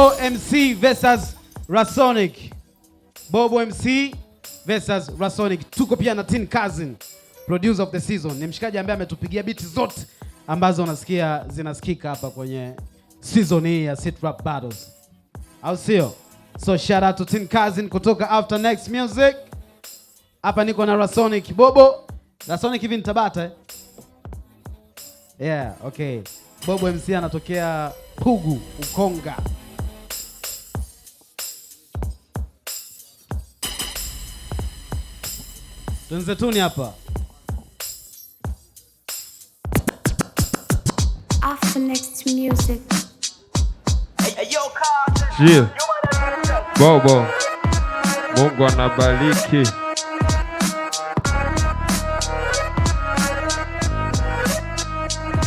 Bobo MC versus Rasonic. Bobo MC versus Rasonic. Tuko pia na Tin Cousin, producer of the season. Ni mshikaji ambaye ametupigia biti zote ambazo unasikia zinasikika hapa kwenye season hii ya Sit Rap Battles. Au sio? So shout out to Tin Cousin kutoka After Next Music. Hapa niko na Rasonic Bobo. Rasonic hivi nitabata eh? Yeah, okay. Bobo MC anatokea Pugu, Ukonga. Tunzetuni hapa. After next music. Yeah. Bobo. Mungu anabariki.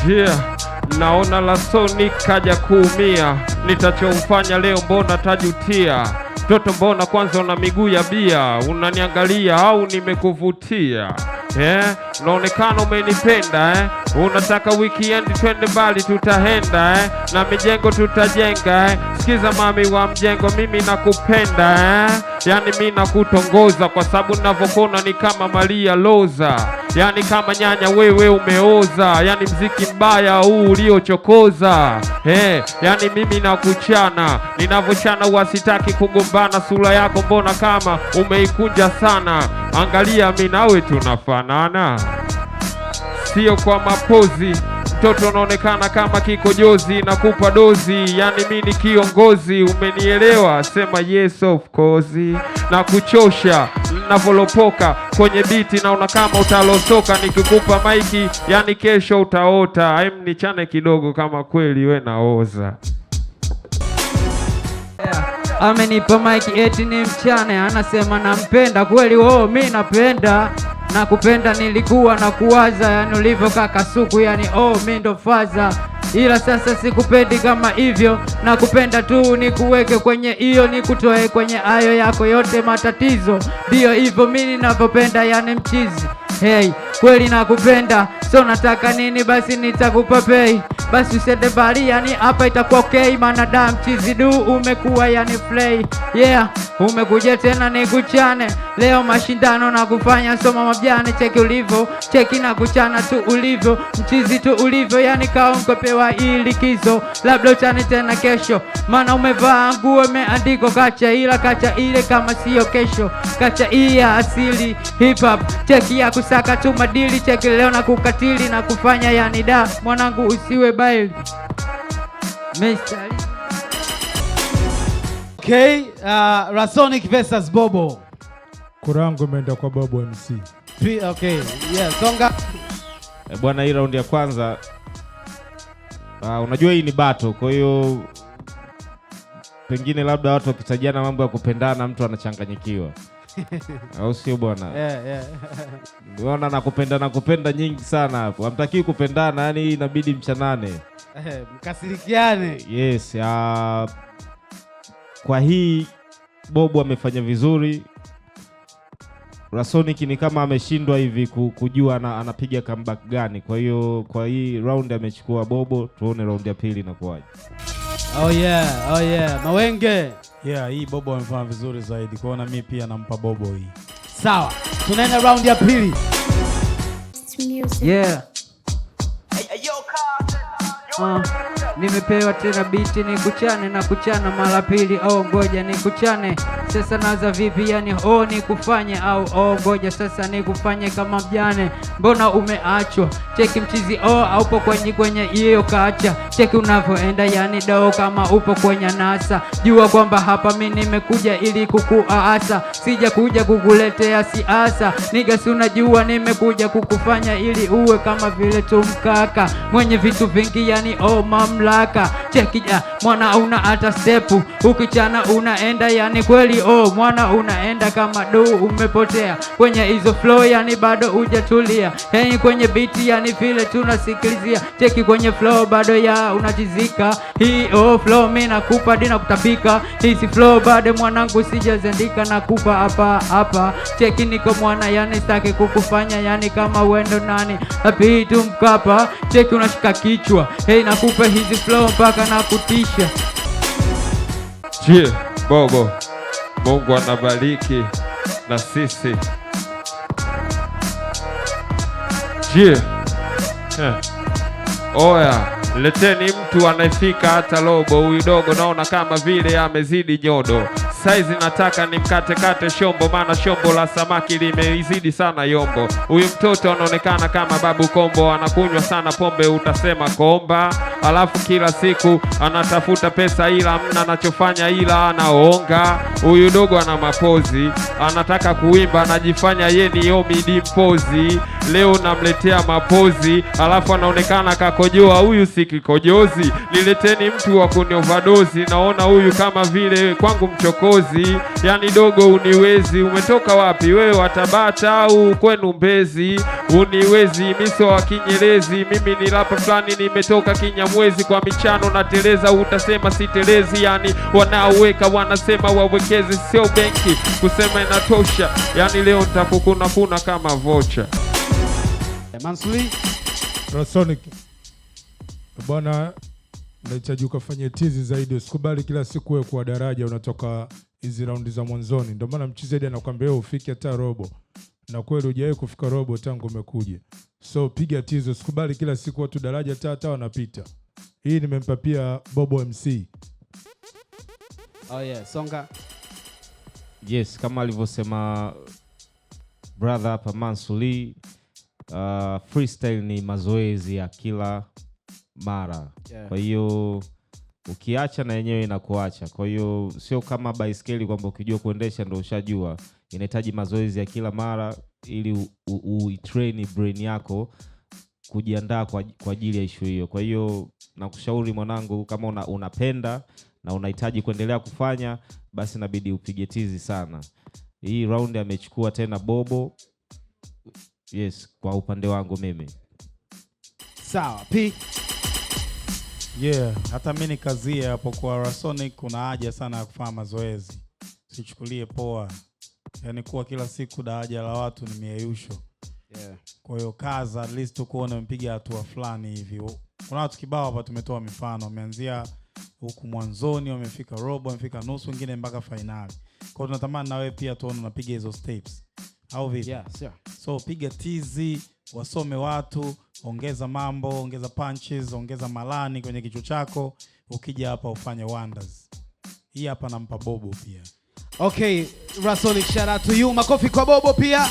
Yeah. Naona Lasoni kaja kuumia, nitachomfanya leo mbona tajutia mtoto, mbona kwanza una miguu ya bia, unaniangalia au nimekuvutia? Yeah, unaonekana umenipenda eh? Unataka weekend twende bali tutahenda eh? Na mijengo tutajenga eh? Sikiza mami wa mjengo, mimi nakupenda eh? Yani mi nakutongoza kwa sababu navokona ni kama Maria Loza, yani kama nyanya wewe umeoza, yani mziki mbaya huu uliochokoza eh? yani mimi nakuchana, ninavochana wasitaki kugombana, sura yako mbona kama umeikunja sana Angalia, mi nawe tunafanana, sio kwa mapozi. Mtoto unaonekana kama kikojozi, nakupa dozi, yani mi ni kiongozi, umenielewa? Sema yes of course. Na kuchosha navolopoka kwenye biti, naona kama utalosoka, nikikupa maiki yani kesho utaota. Em, nichane kidogo, kama kweli we naoza amenipa mike eti ni mchane, anasema nampenda kweli. Oh, mi napenda na kupenda, nilikuwa na kuwaza, yani ulivyo kaka suku, yani oh, mi ndo faza ila sasa sikupendi kama hivyo, na kupenda tu nikuweke kwenye hiyo, nikutoe kwenye ayo yako yote matatizo. Ndiyo hivyo mi ninavyopenda, yani mchizi. Hey, kweli nakupenda, so nataka nini? Basi nitakupa pei basi usiende mbali, yani hapa itakuwa okay. chizi chizidu umekuwa yani play yeah, umekuja tena nikuchane leo mashindano na kufanya soma mabjani, cheki ulivyo, cheki na kuchana tu ulivyo, mchizi tu ulivyo, yani kaongopewa ilikizo, labda uchane tena kesho, maana umevaa nguo imeandikwa kacha, ila kacha ile kama siyo kesho, kacha hii ya asili hip hop, cheki ya kusaka tu madili, cheki leo na kukatili na kufanya yani, da mwanangu usiwe baili Mr. Okay, uh, Rasonic versus Bobo Kurangu imeenda kwa Babu MC. P okay. Yeah, songa. E, bwana hii raundi ya kwanza uh, unajua hii ni bato, kwa hiyo pengine labda watu wakitajiana mambo ya kupendana mtu anachanganyikiwa au sio bwana? yeah, yeah. Ona nakupenda nakupenda nyingi sana hapo, hamtakii kupendana, yani inabidi mchanane eh, mkasirikiane. Yes, uh, kwa hii Bobu amefanya vizuri Rasonic ni kama ameshindwa hivi kujua na anapiga comeback gani. Kwa hiyo kwa hii round amechukua Bobo, tuone round ya pili inakuwaje. Oh yeah, oh yeah. Mawenge. Yeah, hii Bobo amefanya vizuri zaidi. Kwa hiyo mimi pia nampa Bobo hii. Sawa. Tunaenda round ya pili. Yeah. Uh, nimepewa tena biti nikuchane na kuchana mara pili au oh, ngoja nikuchane sasa naza vipi? Yani o ni kufanye au o ngoja sasa ni kufanye kama mjane, mbona umeachwa? Cheki mchizi o oh, aupo kwenye kwenye hiyo kacha, cheki unavyoenda yani dao, kama upo kwenye nasa, jua kwamba hapa mi nimekuja ili kukuasa sija kuja kukuletea siasa niga, jua unajua nimekuja kukufanya ili uwe kama vile tumkaka mwenye vitu vingi yani o oh, mamlaka chekija mwana una hata stepu ukichana unaenda yani kweli oh, mwana unaenda kama duu umepotea kwenye hizo flow yani bado hujatulia hei kwenye biti yani vile tunasikilizia cheki kwenye flow bado ya unajizika hii oh, flow mi nakupa dina kutapika hizi flow bado mwanangu sijazendika nakupa hapa hapa cheki niko mwana yani staki kukufanya yani kama wendo nani apitu mkapa cheki unashika kichwa hei nakupa hizi flow mpaka kucheka na kutisha. Chie Bobo, Mungu anabariki na sisi. Chie oya, leteni mtu anayefika hata robo. Huyu dogo naona kama vile amezidi nyodo saizi nataka nimkatekate shombo, maana shombo la samaki limeizidi sana yombo. Huyu mtoto anaonekana kama babu kombo, anakunywa sana pombe, utasema komba. Alafu kila siku anatafuta pesa, ila mna anachofanya, ila anaonga. Huyu dogo ana mapozi, anataka kuimba, anajifanya ye ni Omidi Mpozi. Leo namletea mapozi, alafu anaonekana kakojoa. Huyu si kikojozi, nileteni mtu wa kuniovadozi. Naona huyu kama vile kwangu mchoko Mwozi, yani dogo uniwezi. Umetoka wapi wewe, Watabata au kwenu Mbezi? Uniwezi miso wa Kinyerezi, mimi ni rapa fulani, nimetoka Kinyamwezi. Kwa michano na teleza, utasema sitelezi. Yani wanaoweka wanasema wawekeze, sio benki kusema inatosha. Yani leo nitakukuna kuna kama vocha Mansuri Rasonic bwana unahitaji ukafanye tizi zaidi. Usikubali kila siku wewe kwa daraja unatoka hizi raundi za mwanzoni. Ndio maana mchezaji anakuambia wewe ufike hata robo, na kweli hujawahi kufika robo tangu umekuja. So piga tizi, usikubali kila siku watu daraja tata wanapita. Hii nimempa pia Bobo MC. Oh yeah, songa. Yes, kama alivyosema brother hapa Mansuli, uh, freestyle ni mazoezi ya kila mara yeah. Kwa hiyo ukiacha na yenyewe inakuacha. Kwa hiyo sio kama baiskeli kwamba ukijua kuendesha ndo ushajua, inahitaji mazoezi ya kila mara ili uitreni brain yako kujiandaa kwa ajili ya ishu hiyo. Kwa hiyo nakushauri mwanangu, kama una, unapenda na unahitaji kuendelea kufanya basi inabidi upige tizi sana. Hii raundi amechukua tena Bobo. Yes, kwa upande wangu mimi sawa. Yeah, hata mimi nikazia hapo kwa rasoni kuna haja sana ya kufanya mazoezi, sichukulie poa. Yaani kuwa kila siku daraja la watu ni mieyusho. Yeah. Kwa hiyo kaza, at least ukuone umepiga hatua fulani hivi. Kuna watu kibao hapa tumetoa mifano, wameanzia huku mwanzoni, wamefika robo, wamefika nusu, wengine mpaka fainali. Kwa hiyo tunatamani na wewe pia tuone unapiga hizo steps au vipi? Yeah, sure. So piga tizi wasome watu, ongeza mambo, ongeza punches, ongeza malani kwenye kichwa chako, ukija hapa ufanye wonders. Hii hapa nampa Bobo pia. Okay, Rasonic shout out to you. Makofi kwa Bobo pia.